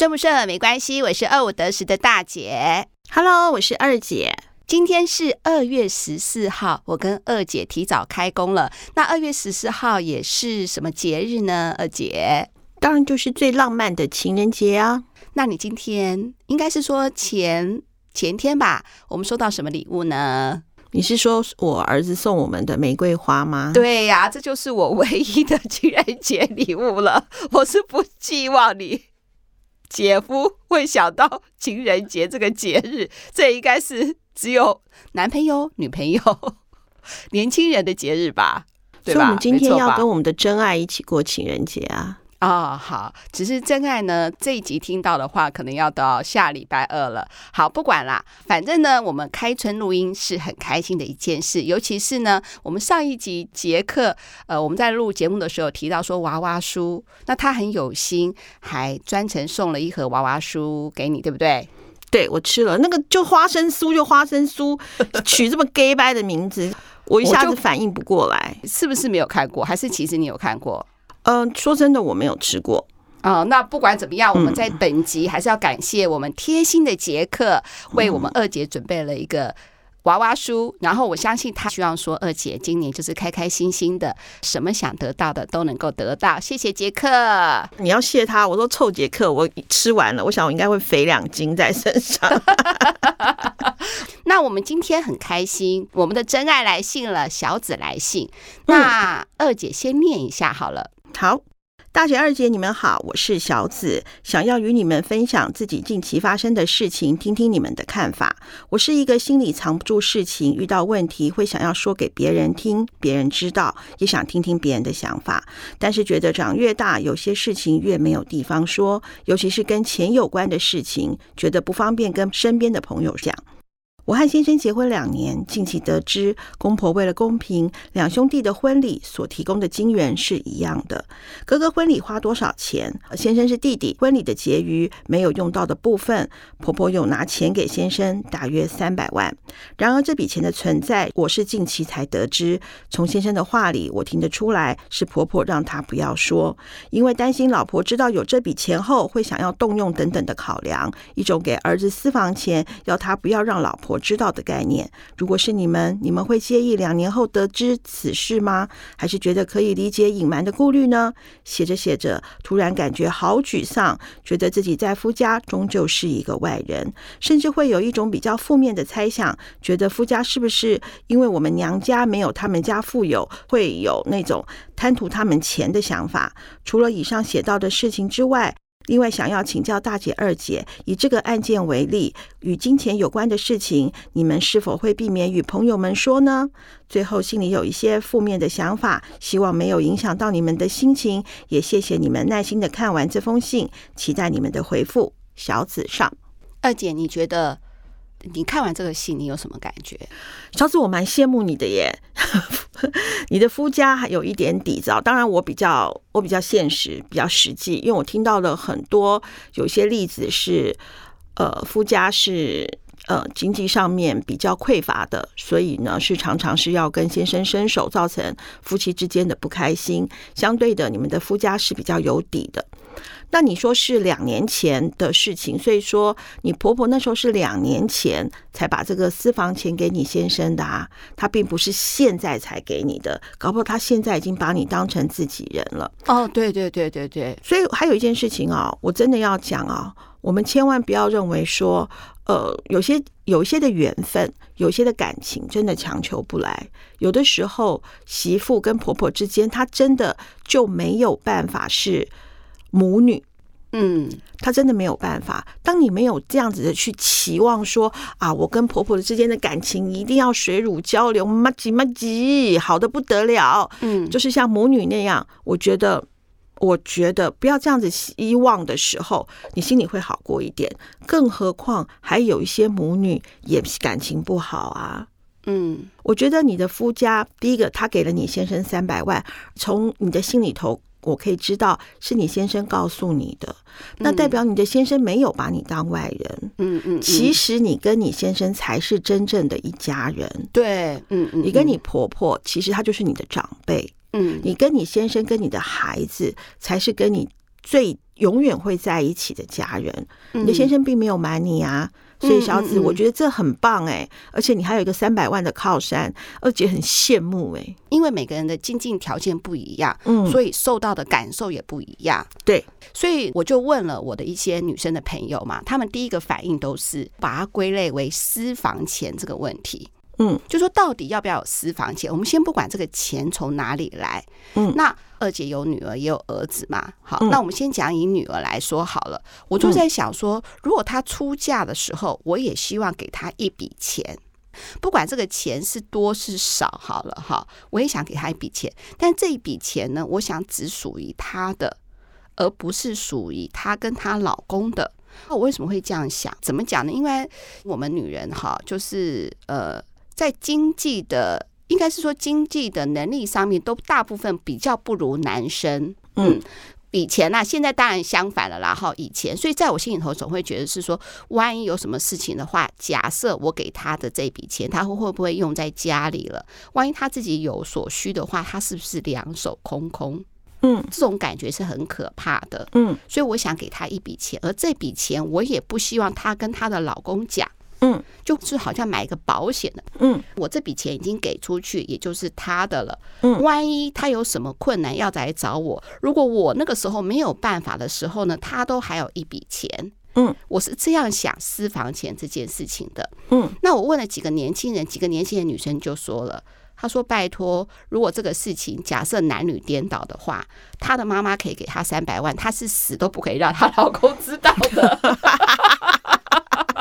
順不順沒關係，我是二五得十的大姐。Hello，我是二姐。今天是二月十四號，我跟二姐提早開工了。那二月十四號也是什麼節日呢，二姐？當然就是最浪漫的情人節啊。那你今天應該是說前前天吧？我們收到什麼禮物呢？你是說我兒子送我們的玫瑰花嗎？對呀，啊，這就是我唯一的情人節禮物了。我是不寄望你。姐夫會想到情人節這個節日，這應該是只有男朋友、女朋友、年輕人的節日吧？對吧？所以，我們今天要跟我們的真愛一起過情人節啊！啊、哦，好，只是真愛呢，這一集聽到的話，可能要到下禮拜二了。好，不管啦，反正呢，我們開春錄音是很開心的一件事，尤其是呢，我們上一集傑克，呃，我們在錄節目的時候提到說娃娃酥，那他很有心，還專程送了一盒娃娃酥給你，對不對？對，我吃了那個就花生酥，就花生酥， 取這麼假掰的名字，我一下子反應不過來，是不是沒有看過，還是其實你有看過？嗯、呃，說真的，我沒有吃過哦，那不管怎麼樣，我們在本集還是要感謝我們貼心的杰克，為我們二姐準備了一個娃娃酥。嗯、然後我相信他希望說，二姐今年就是開開心心的，什麼想得到的都能夠得到。謝謝杰克，你要謝，謝他。我說臭杰克，我吃完了，我想我應該會肥兩斤在身上。那我們今天很開心，我們的真愛來信了，小紫來信。那二姐先念一下好了。好，大姐二姐，你們好，我是小紫，想要與你們分享自己近期發生的事情，聽聽你們的看法。我是一個心裡藏不住事情，遇到問題會想要說給別人聽，別人知道，也想聽聽別人的想法，但是覺得長越大，有些事情越沒有地方說，尤其是跟錢有關的事情，覺得不方便跟身邊的朋友講。我和先生結婚兩年，近期得知公婆為了公平，兩兄弟的婚禮所提供的金援是一樣的。哥哥婚禮花多少錢？先生是弟弟，婚禮的結餘沒有用到的部分，婆婆有拿錢給先生，大約三百萬。然而這筆錢的存在，我是近期才得知。從先生的話裡，我聽得出來是婆婆讓他不要說，因為擔心老婆知道有這筆錢後會想要動用等等的考量，一種給兒子私房錢，要他不要讓老婆。知道的概念，如果是你們，你們會介意兩年後得知此事嗎？還是覺得可以理解隱瞞的顧慮呢？寫着寫着，突然感覺好沮喪，覺得自己在夫家終究是一個外人，甚至會有一種比較負面的猜想，覺得夫家是不是因為我們娘家沒有他們家富有，會有那種貪圖他們錢的想法。除了以上寫到的事情之外。另外，想要請教大姐、二姐，以這個案件為例，與金錢有關的事情，你們是否會避免與朋友們說呢？最後，心裡有一些負面的想法，希望沒有影響到你們的心情。也謝謝你們耐心的看完這封信，期待你們的回覆。小紫上，二姐，你覺得？你看完這個戲，你有什麼感覺？小紫，我蠻羨慕你的耶，你的夫家還有一點底子啊。當然，我比較我比較現實，比較實際，因為我聽到了很多有些例子是，呃，夫家是呃經濟上面比較匱乏的，所以呢是常常是要跟先生伸手，造成夫妻之間的不開心。相對的，你們的夫家是比較有底的。那你說是兩年前的事情，所以說你婆婆那時候是兩年前才把這個私房錢給你先生的啊，她並不是現在才給你的，搞不好她現在已經把你當成自己人了。哦，對對對對對，所以還有一件事情啊、哦，我真的要講啊、哦，我們千萬不要認為說，呃，有些有一些的緣分，有一些的感情真的強求不來，有的時候媳婦跟婆婆之間，她真的就沒有辦法是。母女，嗯，她真的沒有辦法。當你沒有這樣子的去期望說啊，我跟婆婆之間的感情一定要水乳交融，麻吉麻吉，好得不得了。嗯，就是像母女那樣，我覺得，我覺得不要這樣子希望的時候，你心裡會好過一點。更何況還有一些母女也是感情不好啊。嗯，我覺得你的夫家，第一個他給了你先生三百萬，從你的心裡頭。我可以知道是你先生告訴你的，那代表你的先生沒有把你當外人。嗯嗯，嗯嗯，其實你跟你先生才是真正的一家人。對，嗯嗯，你跟你婆婆其實她就是你的長輩。嗯，你跟你先生跟你的孩子才是跟你最永遠會在一起的家人。你的先生並沒有瞞你啊。所以小紫，我覺得這很棒欸，而且你還有一個三百萬的靠山，二姐很羨慕欸。因為每個人的經濟條件不一樣，嗯，所以受到的感受也不一樣。對，所以我就問了我的一些女生的朋友嘛，他們第一個反應都是把它歸類為私房錢這個問題。嗯，就說到底要不要有私房錢？我們先不管這個錢從哪裡來。嗯，那二姐有女兒也有兒子嘛？好，嗯、那我們先講以女兒來說好了。我就在想說，嗯、如果她出嫁的時候，我也希望給她一筆錢，不管這個錢是多是少好，好了哈，我也想給她一筆錢。但這一筆錢呢，我想只屬於她的，而不是屬於她跟她老公的。那我為什麼會這樣想？怎麼講呢？因為我們女人哈，就是呃。在經濟的，應該是說經濟的能力上面，都大部分比較不如男生。嗯，以前呢、啊，現在當然相反了啦。哈，以前，所以在我心裡頭，總會覺得是說，萬一有什麼事情的話，假設我給他的這筆錢，他會會不會用在家裡了？萬一他自己有所需的話，他是不是兩手空空？嗯，這種感覺是很可怕的。嗯，所以我想給他一筆錢，而這筆錢，我也不希望他跟他的老公講。嗯，就是好像買一個保險的，嗯，我這筆錢已經給出去，也就是他的了。嗯，萬一他有什麼困難要來找我，如果我那個時候沒有辦法的時候呢，他都還有一筆錢。嗯，我是這樣想私房錢這件事情的。嗯，那我問了幾個年輕人，幾個年輕人女生就說了，她說：“拜托，如果這個事情假設男女顛倒的話，她的媽媽可以給她三百萬，她是死都不可以讓她老公知道的。”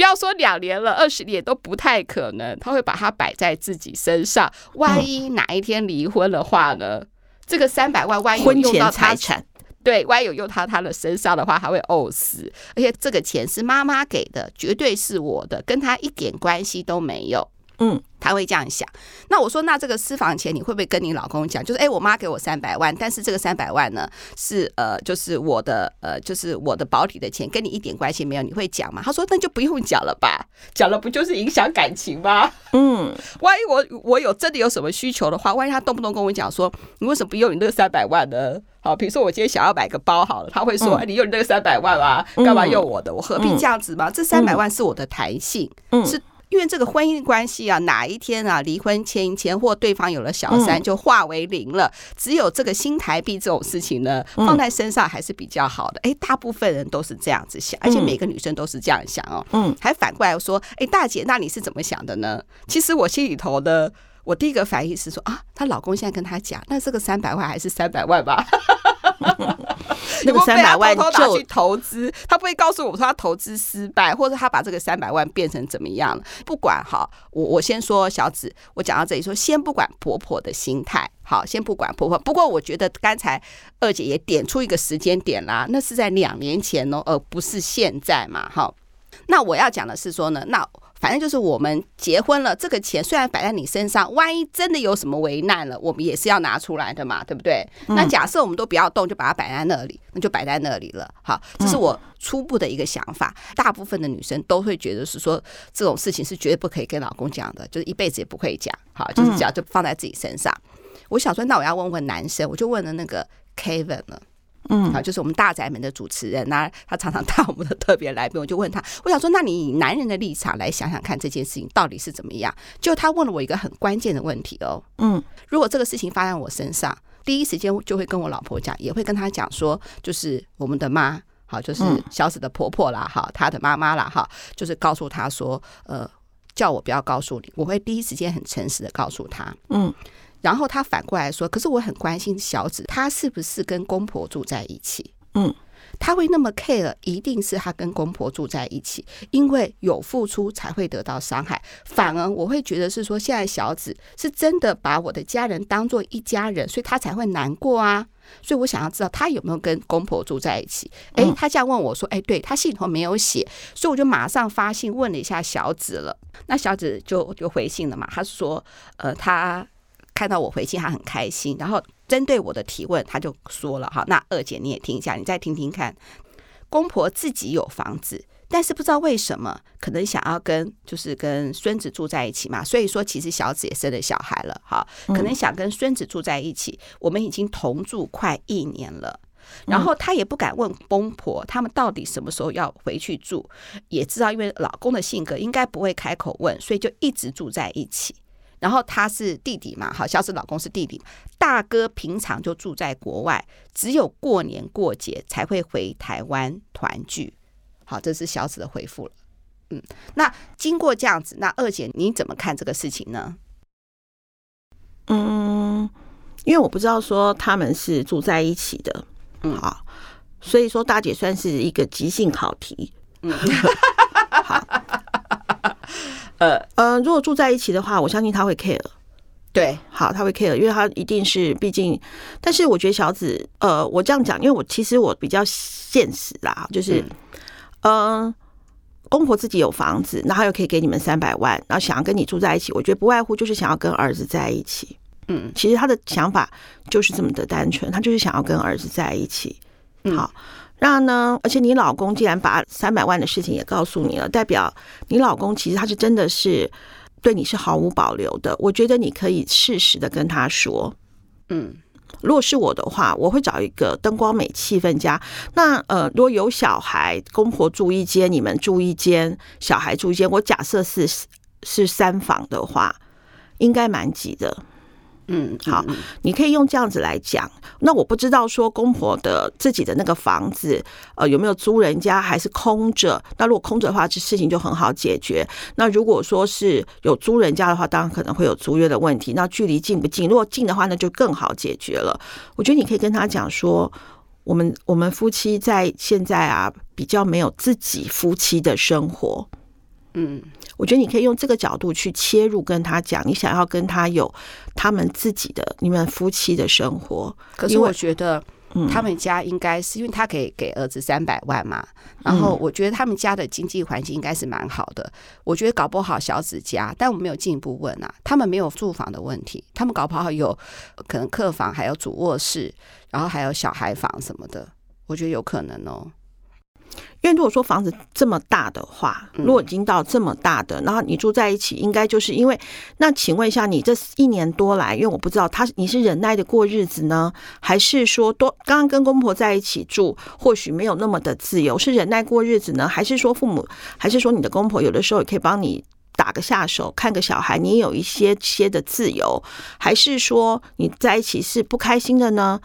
不要說兩年了，二十年都不太可能，他會把它擺在自己身上。萬一哪一天離婚的話呢？嗯、這個三百萬萬一用到他，婚前財產，對，萬一有用到他的身上的話，他會嘔死。而且這個錢是媽媽給的，絕對是我的，跟他一點關係都沒有。嗯，他會這樣想。那我說，那這個私房錢你會不會跟你老公講？就是，哎、欸，我媽給我三百萬，但是這個三百萬呢，是呃，就是我的呃，就是我的保底的錢，跟你一點關係沒有。你會講嗎？他說，那就不用講了吧，講了不就是影響感情嗎？嗯，萬一我我有真的有什麼需求的話，萬一他動不動跟我講說，你為什麼不用你那個三百萬呢？好，比如說我今天想要買個包好了，他會說，嗯欸、你用你那個三百萬啊幹、嗯、嘛用我的？我何必嗎、嗯、這樣子嘛？這三百萬是我的彈性，嗯、是。因為這個婚姻關係啊，哪一天啊離婚前前、前前或對方有了小三，就化為零了。嗯、只有這個新台幣這種事情呢，放在身上還是比較好的。哎、嗯欸，大部分人都是這樣子想，而且每個女生都是這樣想哦。嗯，還反過來說，哎、欸，大姐，那你是怎麼想的呢？其實我心裡頭呢，我第一個反應是說啊，她老公現在跟她講，那這個三百萬還是三百萬吧。 那個三百萬就有沒有被他偷偷拿去投資，就他不會告訴我說他投資失敗，或者他把這個三百萬變成怎麼樣了。不管哈，我我先說小紫，我講到這裡說，先不管婆婆的心態，好，先不管婆婆。不過我覺得剛才二姐也點出一個時間點啦，那是在兩年前哦，而不是現在嘛。哈，那我要講的是說呢，那。反正就是我們結婚了，這個錢雖然擺在你身上，萬一真的有什麼為難了，我們也是要拿出來的嘛，對不對？嗯、那假設我們都不要動，就把它擺在那裡，那就擺在那裡了。好，這是我初步的一個想法。嗯、大部分的女生都會覺得是說這種事情是絕對不可以跟老公講的，就是一輩子也不會講。好，就是只要就放在自己身上。嗯、我想說，那我要問問男生，我就問了那個 Kevin 了。嗯，好，就是我們大宅門的主持人，啊，那他常常當我們的特別來賓，我就問他，我想說，那你以男人的立場來想想看，這件事情到底是怎麼樣？就他問了我一個很關鍵的問題哦，嗯，如果這個事情發生在我身上，第一時間就會跟我老婆講，也會跟她講說，就是我們的媽，好，就是小紫的婆婆啦，哈，她的媽媽啦，哈，就是告訴她說，呃，叫我不要告訴你，我會第一時間很誠實的告訴她，嗯。然後他反過來說：“可是我很關心小紫，他是不是跟公婆住在一起？嗯，他會那麼 care，一定是他跟公婆住在一起，因為有付出才會得到傷害。反而我會覺得是說，現在小紫是真的把我的家人當做一家人，所以他才會難過啊。所以我想要知道他有沒有跟公婆住在一起。哎，他這樣問我說：哎，對他信頭沒有寫，所以我就馬上發信問了一下小紫了。那小紫就就回信了嘛，他說，呃，他。”看到我回信，她很開心。然後針對我的提問，她就說了，好，那二姐你也聽一下，你再聽聽看。公婆自己有房子，但是不知道為什麼，可能想要跟就是跟孫子住在一起嘛。所以說，其實小紫也生了小孩了哈，可能想跟孫子住在一起。我們已經同住快一年了，然後她也不敢問公婆他們到底什麼時候要回去住，也知道因為老公的性格應該不會開口問，所以就一直住在一起。然後他是弟弟嘛，好，小紫老公是弟弟，大哥平常就住在國外，只有過年過節才會回台灣團聚。好，這是小紫的回復了。嗯，那經過這樣子，那二姐你怎麼看這個事情呢？嗯，因為我不知道說他們是住在一起的，好，所以說大姐算是一個即興考題。嗯， 呃嗯，如果住在一起的話，我相信他會 care。對，好，他會 care，因為他一定是，畢竟，但是我覺得小紫，呃，我這樣講，因為我其實我比較現實啦，就是，嗯，呃，公婆自己有房子，然後又可以給你們三百萬，然後想要跟你住在一起，我覺得不外乎就是想要跟兒子在一起。嗯，其實他的想法就是這麼的單純，他就是想要跟兒子在一起。好。那呢？而且你老公既然把三百萬的事情也告訴你了，代表你老公其實他是真的是對你是毫無保留的。我覺得你可以適時的跟他說，嗯，如果是我的話，我會找一個燈光美氣氛佳。那呃，如果有小孩公婆住一間，你們住一間，小孩住一間，我假設是是三房的話，應該蠻擠的。嗯，嗯，好，你可以用這樣子來講。那我不知道說公婆的自己的那個房子，呃，有沒有租人家，還是空着？那如果空着的話，這事情就很好解決。那如果說是有租人家的話，當然可能會有租約的問題。那距離近不近？如果近的話，那就更好解決了。我覺得你可以跟他講說，我們我們夫妻在現在啊，比較沒有自己夫妻的生活。嗯，我覺得你可以用這個角度去切入跟他講，你想要跟他有他們自己的你們夫妻的生活。可是我覺得他們家應該是因為他給給兒子三百萬嘛，嗯、然後我覺得他們家的經濟環境應該是蠻好的。嗯、我覺得搞不好小紫家，但我沒有進一步問啊，他們沒有住房的問題，他們搞不好有可能客房還有主臥室，然後還有小孩房什麼的，我覺得有可能哦。因為如果說房子這麼大的話，如果已經到這麼大的，然後你住在一起，應該就是因為，那請問一下，你這一年多來，因為我不知道他你是忍耐的過日子呢，還是說多剛剛跟公婆在一起住，或許沒有那麼的自由，是忍耐過日子呢，還是說父母，還是說你的公婆有的時候也可以幫你打個下手，看個小孩，你也有一些些的自由，還是說你在一起是不開心的呢？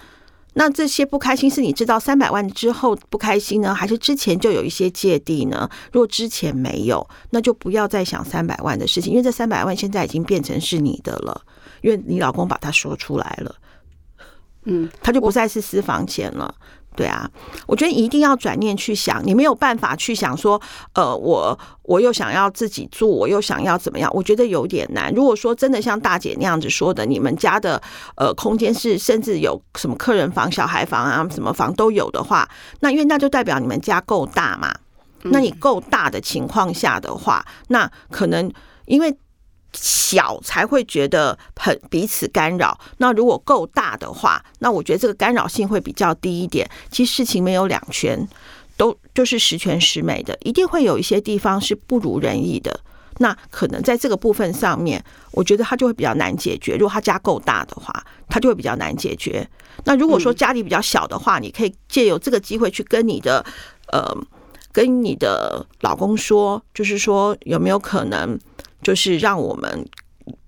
那這些不開心是你知道三百萬之後不開心呢，還是之前就有一些芥蒂呢？若之前沒有，那就不要再想三百萬的事情，因為這三百萬現在已經變成是你的了，因為你老公把他說出來了，嗯，他就不再是私房錢了。對啊，我覺得一定要轉念去想，你沒有辦法去想說，呃，我我又想要自己住，我又想要怎麼樣？我覺得有點難。如果說真的像大姐那樣子說的，你們家的呃空間是甚至有什麼客人房、小孩房啊什麼房都有的話，那因為那就代表你們家夠大嘛。那你夠大的情況下的話，那可能因為。小才會覺得很彼此干擾。那如果夠大的話，那我覺得這個干擾性會比較低一點。其實事情沒有兩全，都就是十全十美的，一定會有一些地方是不如人意的。那可能在這個部分上面，我覺得他就會比較難解決。如果他家夠大的話，他就會比較難解決。那如果說家裡比較小的話，你可以借由這個機會去跟你的呃，跟你的老公說，就是說有沒有可能。就是讓我們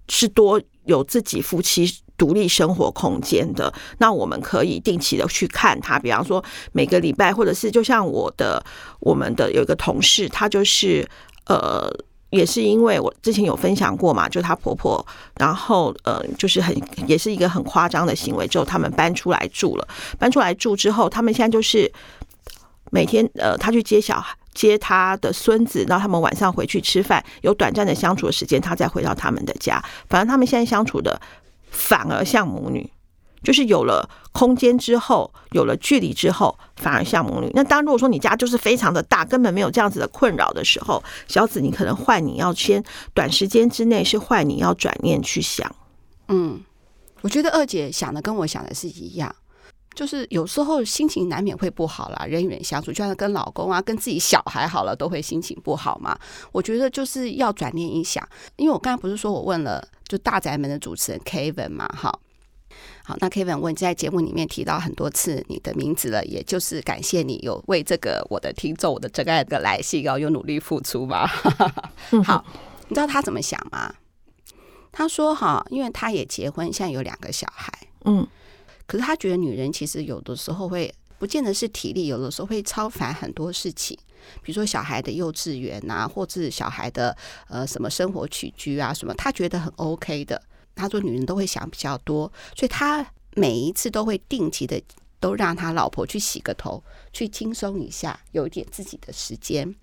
是多有自己夫妻獨立生活空間的，那我們可以定期的去看他，比方說每個禮拜，或者是就像我的我們的有一個同事，她就是呃，也是因為我之前有分享過嘛，就他她婆婆，然後呃，就是很也是一個很誇張的行為，之後他們搬出來住了，搬出來住之後，他們現在就是每天呃，她去接小孩，接他的孫子，讓他們晚上回去吃飯，有短暫的相處的時間，他再回到他們的家。反正他們現在相處的反而像母女，就是有了空間之後，有了距離之後，反而像母女。那當然，如果說你家就是非常的大，根本沒有這樣子的困擾的時候，小紫，你可能壞，你要先短時間之內是壞，你要轉念去想。嗯，我覺得二姐想的跟我想的是一樣。就是有時候心情難免會不好啦，人與人相處，就像跟老公啊，跟自己小孩好了，都會心情不好嘛。我覺得就是要轉念一想，因為我剛才不是說我問了，就大宅門的主持人 Kevin 嘛，哈，好，那 Kevin 我在節目裡面提到很多次你的名字了，也就是感謝你有為這個我的聽眾、我的真愛的來信哦，有努力付出嘛。 好，你知道他怎麼想嗎？他說哈，因為他也結婚，現在有兩個小孩，嗯。可是他覺得女人其實有的時候會，不見得是體力，有的時候會操煩很多事情，比如說小孩的幼稚園啊，或是小孩的呃什麼生活起居啊什麼，他覺得很 OK 的。他說女人都會想比較多，所以他每一次都會定期的都讓他老婆去洗個頭，去輕鬆一下，有一點自己的時間。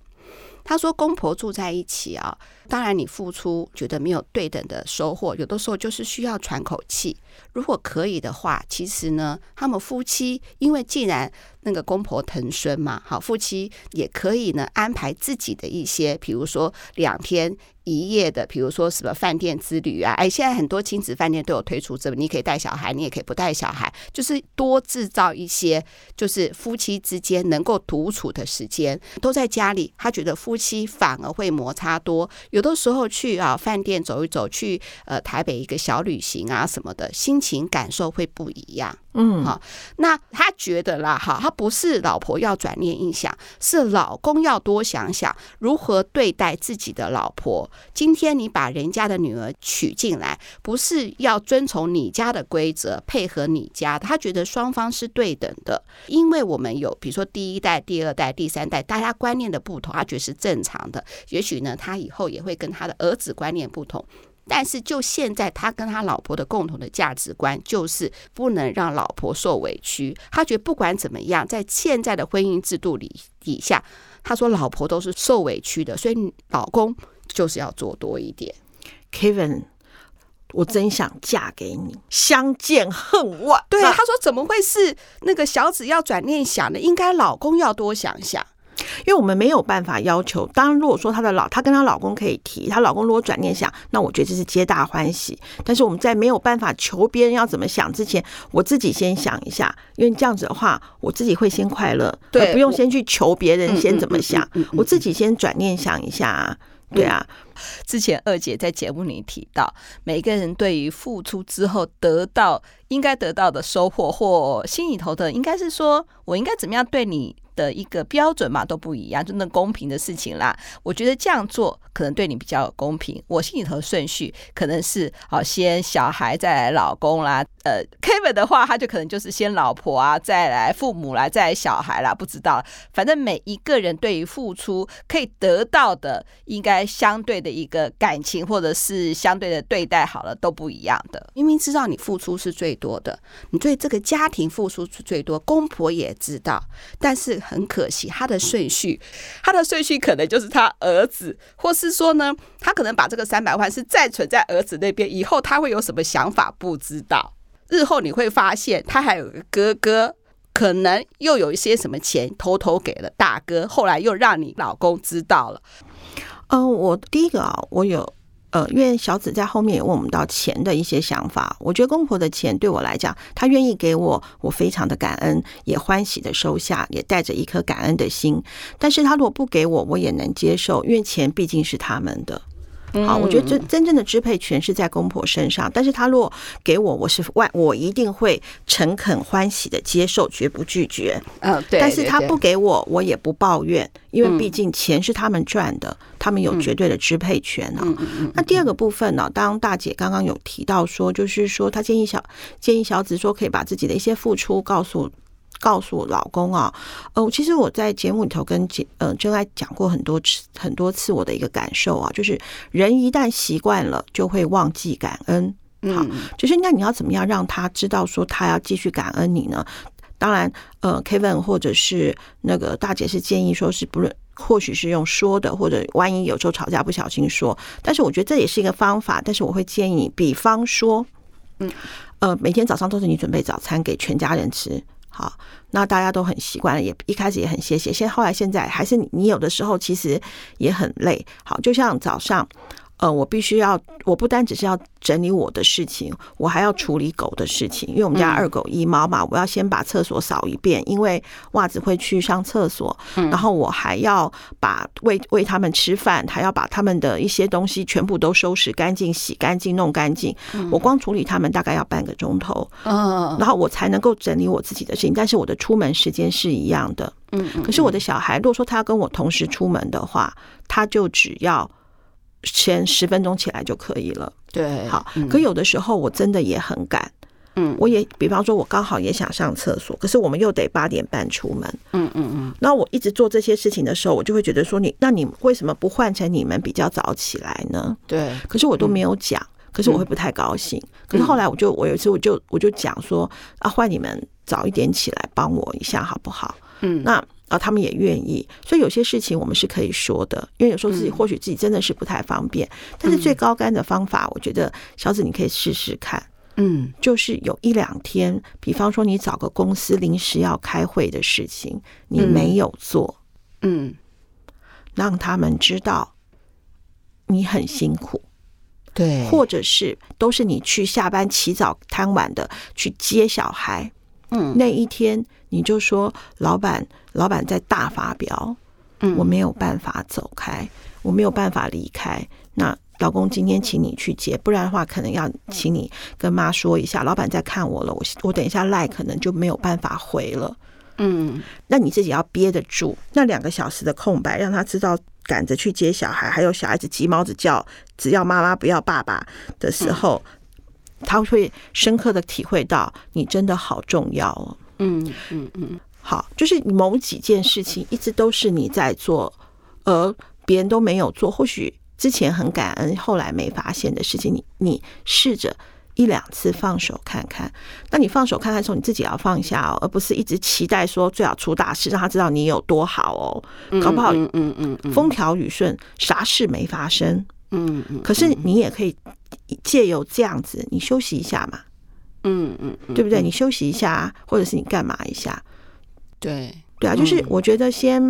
他說：“公婆住在一起啊，當然你付出覺得沒有對等的收穫，有的時候就是需要喘口氣。如果可以的話，其實呢，他們夫妻因為既然那個公婆疼孫嘛，好，夫妻也可以呢安排自己的一些，比如說兩天。”一夜的，比如說什麼飯店之旅啊，哎，現在很多親子飯店都有推出，這麼你可以帶小孩，你也可以不帶小孩，就是多製造一些，就是夫妻之間能夠獨處的時間。都在家裡，他覺得夫妻反而會摩擦多。有的時候去啊飯店走一走，去呃台北一個小旅行啊什麼的，心情感受會不一樣。嗯好、哦。那他覺得啦哈，他不是老婆要轉念一想，是老公要多想想如何對待自己的老婆。今天你把人家的女兒娶進來，不是要遵從你家的規則，配合你家。他覺得雙方是對等的，因為我們有比如說第一代、第二代、第三代，大家觀念的不同，他覺得是正常的。也許呢，他以後也會跟他的兒子觀念不同。但是就現在，他跟他老婆的共同的價值觀就是不能讓老婆受委屈。他覺得不管怎麼樣，在現在的婚姻制度裡底下，他說老婆都是受委屈的，所以老公就是要做多一點。Kevin，我真想嫁給你，嗯、相見恨晚。對，他說怎麼會是那個小紫要轉念想的？應該老公要多想想。因為我們沒有辦法要求，當然，如果說她的老，她跟她老公可以提，她老公如果轉念想，那我覺得這是皆大歡喜。但是我們在沒有辦法求別人要怎麼想之前，我自己先想一下，因為這樣子的話，我自己會先快樂，對，而不用先去求別人先怎麼想，我自己先轉念想一下，啊。嗯、對啊。之前二姐在節目裡提到，每個人對於付出之後得到應該得到的收穫或心裡頭的，應該是說我應該怎麼樣對你的一個標準嘛，都不一樣，就那公平的事情啦。我覺得這樣做可能對你比較有公平。我心裡頭的順序可能是好、哦，先小孩再來老公啦，呃，Kevin 的話他就可能就是先老婆啊，再來父母啦，再來小孩啦，不知道。反正每一個人對於付出可以得到的，應該相對的。的一個感情或者是相對的對待好了都不一樣的。明明知道你付出是最多的，你對這個家庭付出是最多，公婆也知道，但是很可惜，他的順序，他的順序可能就是他兒子，或是說呢，他可能把這個三百萬是暫存在兒子那邊，以後他會有什麼想法不知道。日後你會發現他還有一個哥哥，可能又有一些什麼錢偷偷給了大哥，後來又讓你老公知道了。呃，我第一個啊，我有呃，因為小紫在後面也問我們對錢的一些想法，我覺得公婆的錢對我來講，他願意給我，我非常的感恩，也歡喜的收下，也帶着一顆感恩的心。但是他如果不給我，我也能接受，因為錢畢竟是他們的。好，我覺得真真正的支配權是在公婆身上，但是他如果給我，我是外，我一定會誠懇歡喜的接受，絕不拒絕。Oh, 對對對。但是他不給我，我也不抱怨，因為畢竟錢是他們賺的，嗯，他們有絕對的支配權。嗯，那第二個部分呢，啊？當大姐剛剛有提到說，就是說她建議小建議小紫說，可以把自己的一些付出告訴。告訴我老公啊，呃，其實我在節目裡頭跟呃真愛講過很多次，很多次我的一個感受啊，就是人一旦習慣了，就會忘記感恩。好，就是那你要怎麼樣讓他知道說他要繼續感恩你呢？當然，呃，Kevin 或者是那個大姐是建議說是不，不論或許是用說的，或者萬一有時候吵架不小心說，但是我覺得這也是一個方法。但是我會建議你，比方說，嗯，呃，每天早上都是你準備早餐給全家人吃。好，那大家都很習慣，也一開始也很謝謝。現後來現在還是你，你有的時候其實也很累。好，就像早上。呃，我必須要，我不單只是要整理我的事情，我還要處理狗的事情，因為我們家二狗一貓嘛，嗯、我要先把廁所掃一遍，因為襪子會去上廁所。嗯、然後我還要把餵餵他們吃飯，還要把他們的一些東西全部都收拾乾淨、洗乾淨、弄乾淨。嗯、我光處理他們大概要半個鐘頭。嗯、哦。然後我才能夠整理我自己的事情，但是我的出門時間是一樣的。嗯，嗯，嗯。可是我的小孩，如果說他要跟我同時出門的話，他就只要。前十分鐘起來就可以了，對，嗯、好。可有的時候我真的也很趕，嗯，我也比方說，我剛好也想上廁所，可是我們又得八點半出門，嗯嗯嗯。那、嗯嗯、我一直做這些事情的時候，我就會覺得說你，你那你為什麼不換成你們比較早起來呢？對，可是我都沒有講，嗯、可是我會不太高興。嗯、可是後來我就，我有一次我就我就講說，啊，換你們早一點起來幫我一下好不好？嗯，那。然後他們也願意，所以有些事情我們是可以說的，因為有時候自己或許自己真的是不太方便。嗯，但是最高竿的方法，我覺得小紫你可以試試看。嗯，就是有一兩天，比方說你找個公司臨時要開會的事情，你沒有做，嗯，讓他們知道你很辛苦，對，或者是都是你去下班起早貪晚的去接小孩。那一天，你就說老闆，老闆在大發飆，我沒有辦法走開，我沒有辦法離開。那老公今天請你去接，不然的話，可能要請你跟媽說一下，老闆在看我了，我我等一下賴、like，可能就沒有辦法回了。嗯，那你自己要憋得住。那兩個小時的空白，讓他知道趕着去接小孩，還有小孩子急毛子叫，只要媽媽不要爸爸的時候。他會深刻的體會到你真的好重要哦。嗯嗯嗯，好，就是某幾件事情一直都是你在做，而別人都沒有做。或許之前很感恩，後來沒發現的事情，你你試着一兩次放手看看。那你放手看看之後，你自己要放下哦，而不是一直期待說最好出大事，讓他知道你有多好哦。搞不好，嗯嗯，風調雨順，啥事沒發生。嗯嗯，可是你也可以。借由這樣子，你休息一下嘛，嗯嗯，嗯嗯對不對？你休息一下，或者是你幹嘛一下，對對啊，就是我覺得先，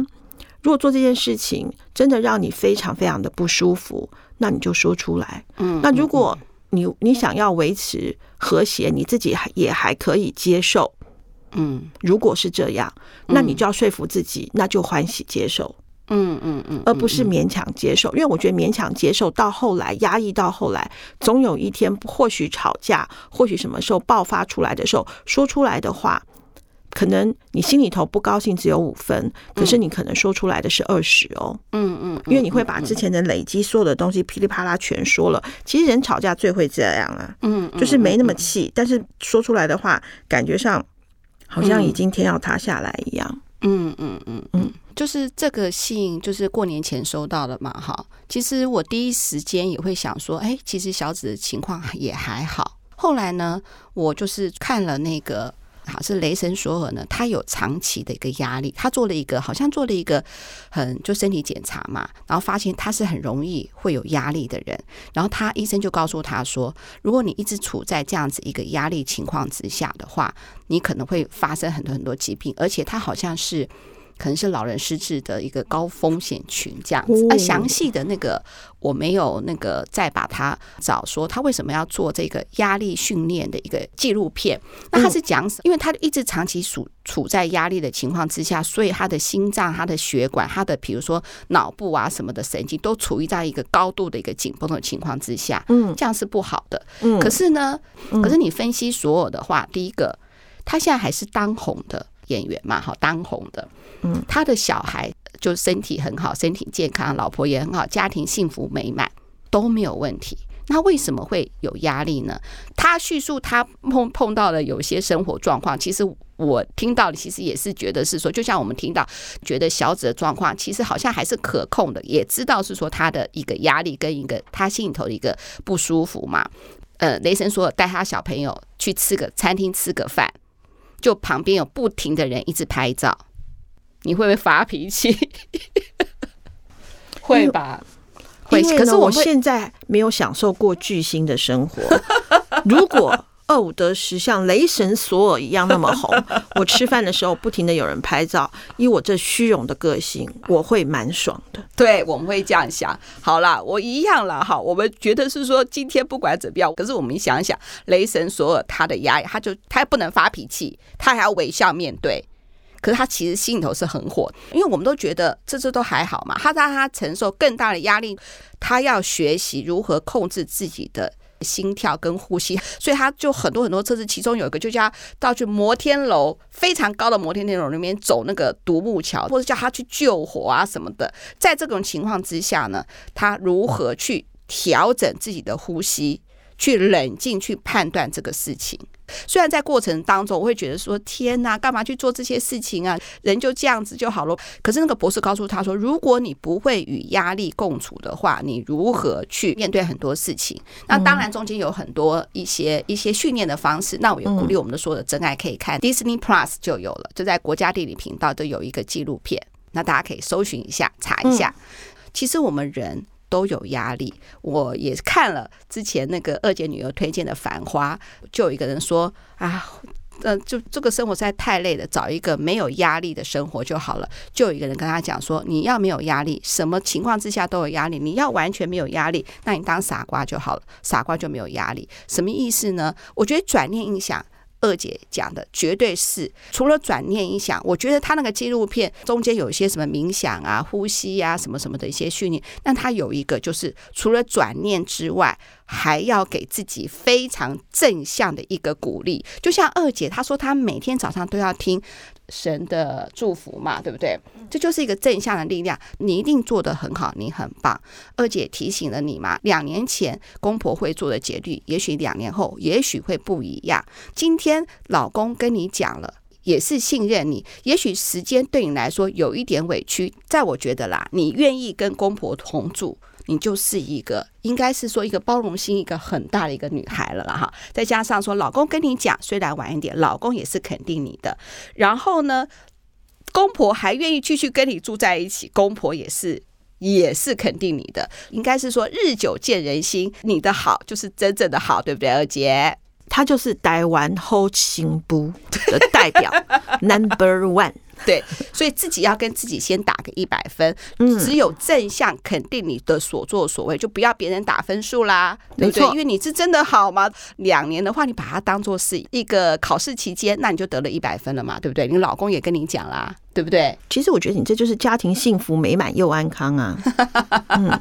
如果做這件事情真的讓你非常非常的不舒服，那你就說出來。嗯，那如果你你想要維持和諧，你自己也還可以接受，嗯，如果是這樣，那你就要說服自己，那就歡喜接受。嗯嗯嗯，而不是勉強接受，因為我覺得勉強接受到後來壓抑到後來，總有一天或許吵架，或許什麼時候爆發出來的時候，說出來的話，可能你心裡頭不高興只有五分，可是你可能說出來的是二十哦。嗯嗯，因為你會把之前的累積所有的東西噼里啪啦全說了。其實人吵架最會這樣啊，嗯，就是沒那麼氣，嗯、但是說出來的話，感覺上好像已經天要塌下來一樣。嗯嗯嗯嗯，就是這個信，就是過年前收到的嘛，哈。其實我第一時間也會想說，哎、欸，其實小紫的情況也還好。後來呢，我就是看了那個。好，是雷神索爾呢？他有長期的一個壓力，他做了一個好像做了一個很就身體檢查嘛，然後發現他是很容易會有壓力的人。然後他醫生就告訴他說，如果你一直處在這樣子一個壓力情況之下的話，你可能會發生很多很多疾病，而且他好像是。可能是老人失智的一個高風險群這樣子，而詳細的那個我沒有那個再把它找說他為什麼要做這個壓力訓練的一個紀錄片，那他是講、嗯、因為他一直長期處處在壓力的情況之下，所以他的心臟、他的血管、他的比如說腦部啊什麼的神經都處於在一個高度的一個緊繃的情況之下，嗯，這樣是不好的，嗯，可是呢，嗯、可是你分析所有的話，第一個，他現在還是當紅的。演員嘛，好，當紅的，嗯，他的小孩就身體很好，身體健康，老婆也很好，家庭幸福美滿都沒有問題。那為什麼會有壓力呢？他敘述他碰碰到了有些生活狀況，其實我聽到的，其實也是覺得是說，就像我們聽到，覺得小紫的狀況其實好像還是可控的，也知道是說他的一個壓力跟一個他心裡頭的一個不舒服嘛。呃，雷神說帶他小朋友去吃個餐廳，吃個飯。就旁邊有不停的人一直拍照，你會不會發脾氣？因為 會吧，會。可是我現在沒有享受過巨星的生活， 如果。奧的時像雷神索爾一樣那麼紅，我吃飯的時候不停的有人拍照，以我這虛榮的個性，我會蠻爽的。對，我們會這樣想。好啦，我一樣了哈。我們覺得是說今天不管怎麼樣，可是我們想想，雷神索爾他的壓力，他就他不能發脾氣，他還要微笑面對。可是他其實心裡頭是很火的，因為我們都覺得這次都還好嘛。他讓他承受更大的壓力，他要學習如何控制自己的心跳跟呼吸，所以他就很多很多測試，其中有一個就叫他到去摩天樓，非常高的摩天大樓裡面走那個獨木橋，或者叫他去救火啊什麼的。在這種情況之下呢，他如何去調整自己的呼吸？去冷靜去判斷這個事情，雖然在過程當中我會覺得說天哪，幹嘛去做這些事情啊？人就這樣子就好咯。可是那個博士告訴他說，如果你不會與壓力共處的話，你如何去面對很多事情？那當然中間有很多一些一些訓練的方式。那我有鼓勵我們的所有的真愛可以看 Disney Plus 就有了，就在國家地理頻道都有一個紀錄片，那大家可以搜尋一下查一下。其實我們人。都有壓力，我也看了之前那個二姐女兒推薦的《繁花》，就有一個人說啊，嗯、呃，就這個生活實在太累了，找一個沒有壓力的生活就好了。就有一個人跟他講說，你要沒有壓力，什麼情況之下都有壓力，你要完全沒有壓力，那你當傻瓜就好了，傻瓜就沒有壓力。什麼意思呢？我覺得轉念一想。二姐講的絕對是，除了轉念一想，我覺得他那個紀錄片中間有一些什麼冥想啊、呼吸呀、啊、什麼什麼的一些訓練，但他有一個就是除了轉念之外，還要給自己非常正向的一個鼓勵，就像二姐她說，她每天早上都要聽神的祝福嘛，對不對？這就是一個正向的力量。你一定做得很好，你很棒。二姐提醒了你嘛，兩年前公婆會做的決定，也許兩年後也許會不一樣。今天老公跟你講了，也是信任你。也許時間對你來說有一點委屈，在我覺得啦，你願意跟公婆同住。你就是一個，應該是說一個包容心一個很大的一個女孩了哈，再加上說老公跟你講雖然晚一點，老公也是肯定你的，然後呢，公婆還願意繼續跟你住在一起，公婆也是也是肯定你的，應該是說日久見人心，你的好就是真正的好，對不對，二姐？他就是台灣後勤部的代表 ，Number One。對，所以自己要跟自己先打個一百分。嗯，只有正向肯定你的所作所為，就不要別人打分數啦，對不對？沒錯，因為你是真的好嗎？兩年的話，你把它當做是一個考試期間，那你就得了一百分了嘛，對不對？你老公也跟你講啦，對不對？其實我覺得你這就是家庭幸福美滿又安康啊。 嗯。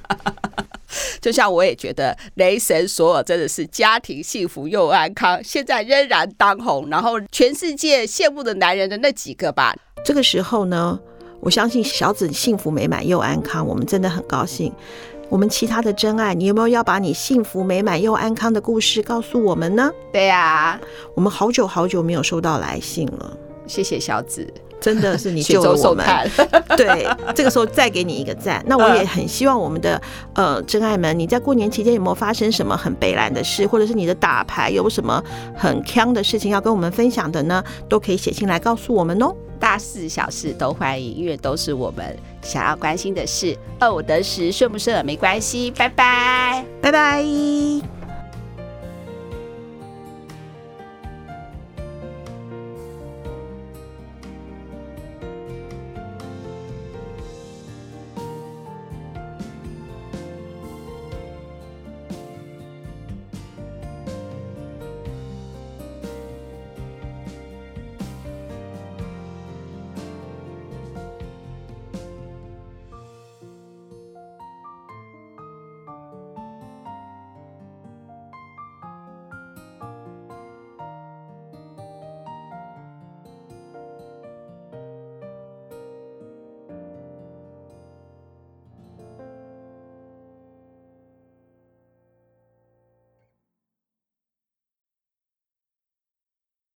就像我也覺得雷神索爾真的是家庭幸福又安康，現在仍然當紅，然後全世界羨慕的男人的那幾個吧。這個時候呢，我相信小紫幸福美滿又安康，我們真的很高興。我們其他的真愛，你有沒有要把你幸福美滿又安康的故事告訴我們呢？對呀，我們好久好久沒有收到來信了，謝謝小紫。真的是你救了我們，對，這個時候再給你一個讚。那我也很希望我們的呃真愛們，你在過年期間有沒有發生什麼很悲慘的事，或者是你的打牌有什麼很鏘的事情要跟我們分享的呢？都可以寫信來告訴我們哦，大事小事都歡迎，因為都是我們想要關心的事。二五得十，順不順沒關係，拜拜，拜拜。